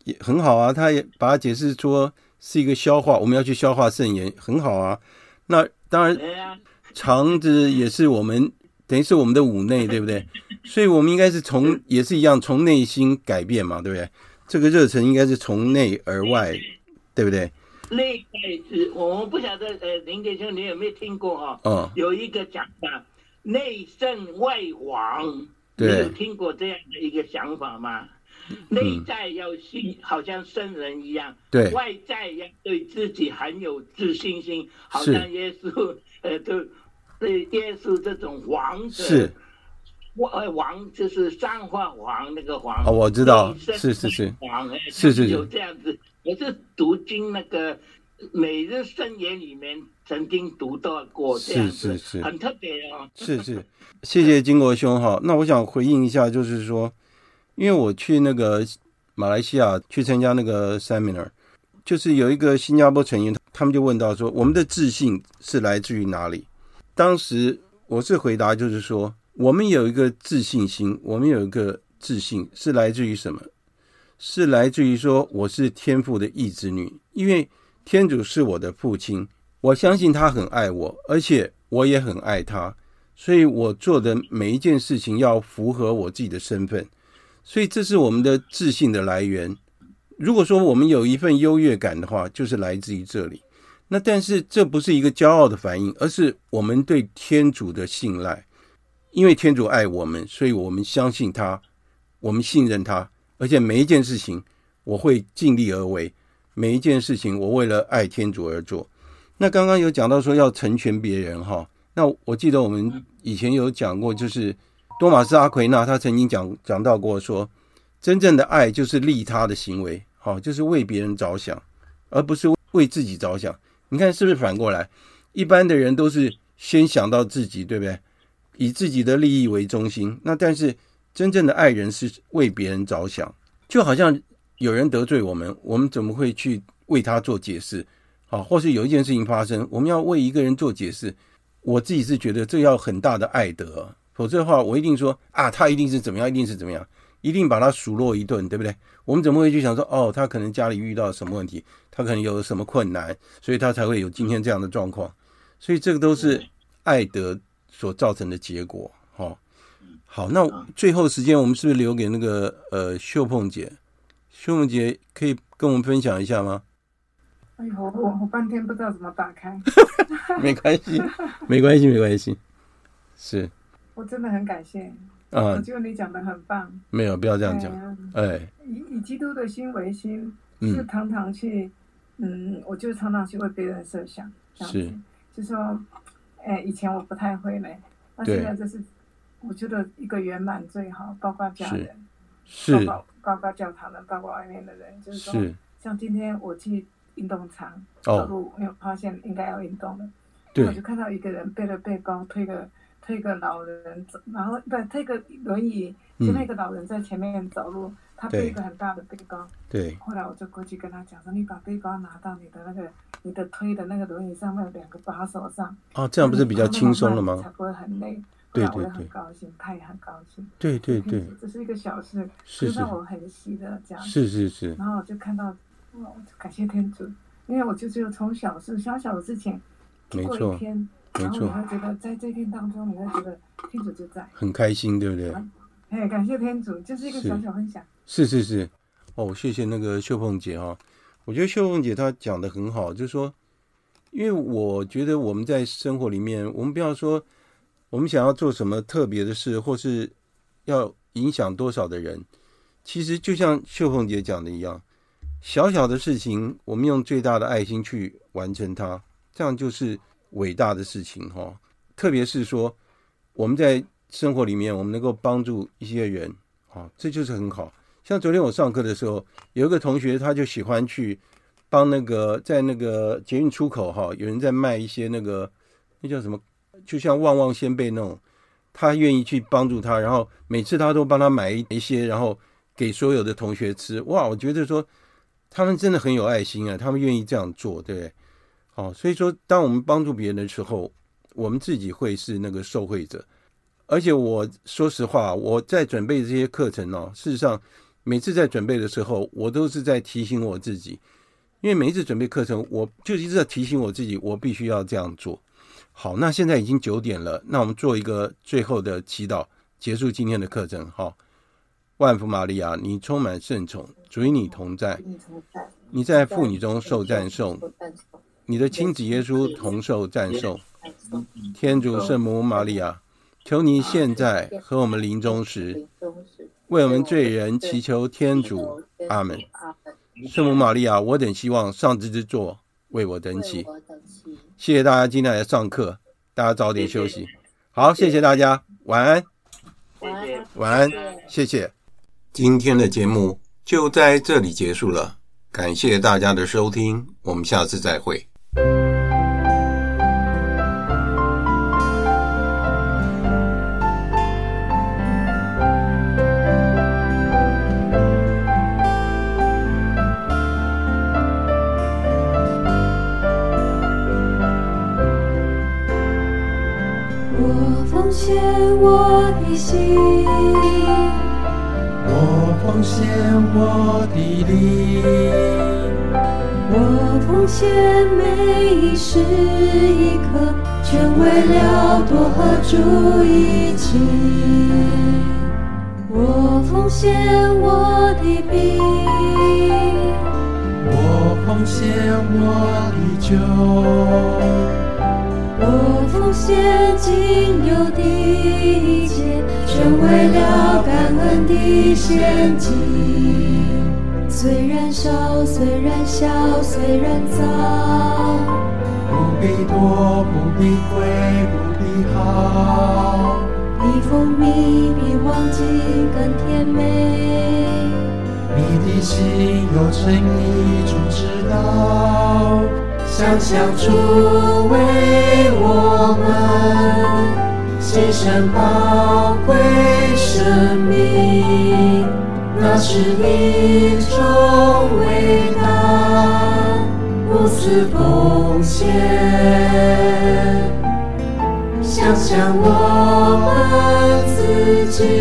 也很好啊，他也把它解釋說是一個消化，我們要去消化聖言，很好啊。那當然腸子也是我們等於是我們的五內，對不對？ 所以我們應該是從也是一樣從內心改變嘛，對不對？這個熱誠應該是從內而外.。 對不對？內在，我們不曉得。呃，林天兄，你有沒有聽過、哦？哈、嗯，有一個講法，內聖外王。對，你有聽過這樣的一個想法嗎？內在要聖、嗯、好像聖人一樣。對。外在要對自己很有自信心，好像耶穌，是呃，對，對耶穌這種王者是，王就是三皇王那個王。哦，我知道，王是是是，是是是，有這樣子。是是是。我是讀經那個每日聖言裡面曾經讀到過是是是這樣子。很特別哦。 是是，謝謝金國兄哈。那我想回應一下，就是說，因為我去那個馬來西亞去參加那個 seminar，就是有一個新加坡成員，他們就問到說，我們的自信是來自於哪裡？當時我是回答，就是說，我們有一個自信心，我們有一個自信是來自於什麼？是來自於說我是天父的義子女，因為天主是我的父親，我相信他很愛我，而且我也很愛他，所以我做的每一件事情要符合我自己的身份，所以這是我們的自信的來源。如果說我們有一份優越感的話，就是來自於這裡。那但是這不是一個驕傲的反應，而是我們對天主的信賴，因為天主愛我們，所以我們相信他，我們信任他。而且每一件事情，我會盡力而為；每一件事情，我為了愛天主而做。那剛剛有講到說要成全別人哈，那我記得我們以前有講過，就是多馬斯阿奎那他曾經講講到過說，真正的愛就是利他的行為，好，就是為別人着想，而不是為自己着想。你看是不是反過來？一般的人都是先想到自己，對不對？以自己的利益為中心。那但是。真正的愛人是為別人着想，就好像有人得罪我們，我們怎麼會去為他做解釋？好，或是有一件事情發生，我們要為一個人做解釋，我自己是覺得這要很大的愛德，否則的話，我一定說啊，他一定是怎麼樣，一定是怎麼樣，一定把他數落一頓，對不對？我們怎麼會去想說，哦，他可能家裡遇到什麼問題，他可能有什麼困難，所以他才會有今天這樣的狀況？所以這個都是愛德所造成的結果，哈，哦。好，那最後時間我們是不是留給那個呃秀鳳姐？秀鳳姐可以跟我們分享一下嗎？哎呦，我我半天不知道怎麼打開， 沒關係係， 沒關係，沒關係。是，我真的很感謝啊！我覺得你講得很棒，沒有，不要這樣講。哎，呀哎，以以基督的心為心，是、嗯、就常常去，嗯，我就常常去為別人設想，是，就說，哎、欸，以前我不太會嘞，那現在就是。我覺得一個圓滿最好，包括家人，是。包括教堂的，包括外面的人，是就是說，像今天我去運動場走、哦、路，沒有發現應該要運動了，對我就看到一個人背着背包，推個推個老人走，然後不推個輪椅，就那個老人在前面走路，嗯、他背一個很大的背包，對。後來我就過去跟他講說：“對你把背包拿到你的那個你的推的那個輪椅上面兩個把手上。”啊，這樣不是比較輕鬆了嗎？才不會很累。對對對，他也很高興。對對對，對對對這是一個小事，是讓是我很喜的這樣。是是是，然後我就看到，哦，感謝天主，因為我就只有從小事小小的事情，過一天，錯然後你會覺得錯在這天當中，你會覺得天主就在，很開心，對不對？哎，感謝天主，就是一個小小分享。是，是是是，哦，謝謝那個秀鳳姐哈、哦，我覺得秀鳳姐她講得很好，就是說，因為我覺得我們在生活裡面，我們不要說。我們想要做什麼特別的事，或是要影響多少的人，其實就像秀鳳姐講的一樣，小小的事情，我們用最大的愛心去完成它，這樣就是偉大的事情，哈、哦。特別是說我們在生活裡面，我們能夠幫助一些人，啊、哦，這就是很好。像昨天我上課的時候，有一個同學，他就喜歡去幫那個在那個捷運出口，哈、哦，有人在賣一些那個那叫什麼？就像旺旺仙貝那種，他願意去幫助他，然後每次他都幫他買一一些，然後給所有的同學吃。哇，我覺得說他們真的很有愛心啊，他們願意這樣做，對哦，所以說當我們幫助別人的時候，我們自己會是那個受惠者。而且我說實話，我在準備這些課程哦，事實上每次在準備的時候，我都是在提醒我自己，因為每一次準備課程，我就一直在提醒我自己，我必須要這樣做。好，那現在已經九點了，那我們做一個最後的祈禱，結束今天的課程。哈、哦，萬福瑪利亞，你充滿聖寵，主與你同在，你在婦女中受讚頌，你的親子耶穌同受讚頌。天主聖母瑪利亞，求你現在和我們臨終時，為我們罪人祈求天主。阿門。聖母瑪利亞，我等希望上智之座，為我等祈。謝謝大家今天來上課，大家早點休息。謝謝。好，謝謝大家，晚安，晚安。謝謝，晚安，謝謝。今天的節目就在這裡結束了，感謝大家的收聽，我們下次再會。心，我奉獻我的力，我奉獻每一時一刻，全為了多和主一起。我奉獻我的餅，我奉獻我的酒。我奉獻僅有的一切，全為了感恩的獻祭。雖然少，雖然小，雖然髒，不必多，不必貴，不必好。比蜂蜜比黃金更甜美，你的心有真意，就知道。想想主為我們獻上寶貴生命，那是一種偉大無私奉獻。想想我們自己，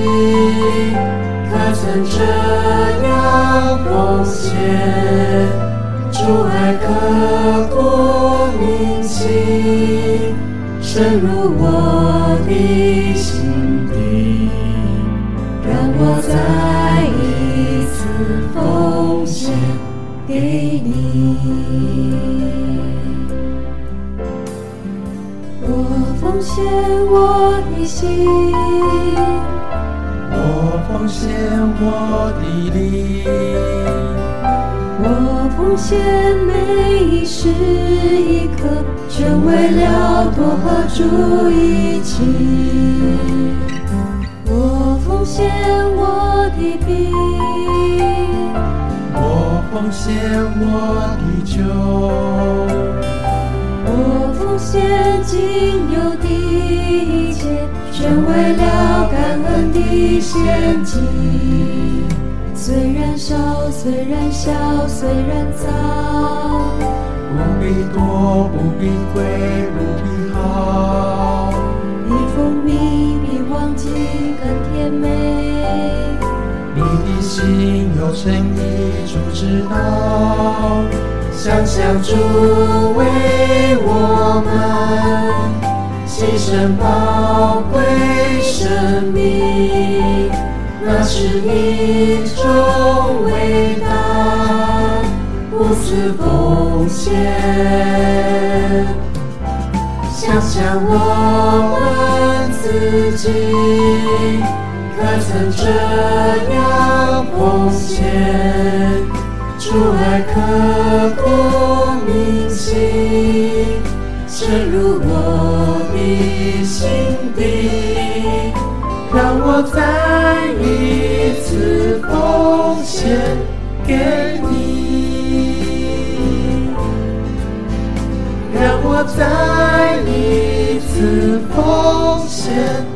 可曾這樣奉獻？主、哦、愛刻骨銘心，深入我的心底，讓我再一次奉獻給你。我奉獻我的心，我奉獻我的靈。獻每一時一刻，全為了多和主一起。我奉獻我的餅，我奉獻我的酒，我奉獻僅有的一切，全為了感恩的獻祭。雖然瘦，雖然小，雖然髒，不必多，不必貴，不必好。比蜂蜜比黃金更甜美，你的心有誠意，主知道。想想主為我們犧牲寶貴生命。那是一種偉大無私奉獻。想想我們自己，可曾這樣奉獻？主愛刻骨。次奉獻給祢，讓我再一次奉獻。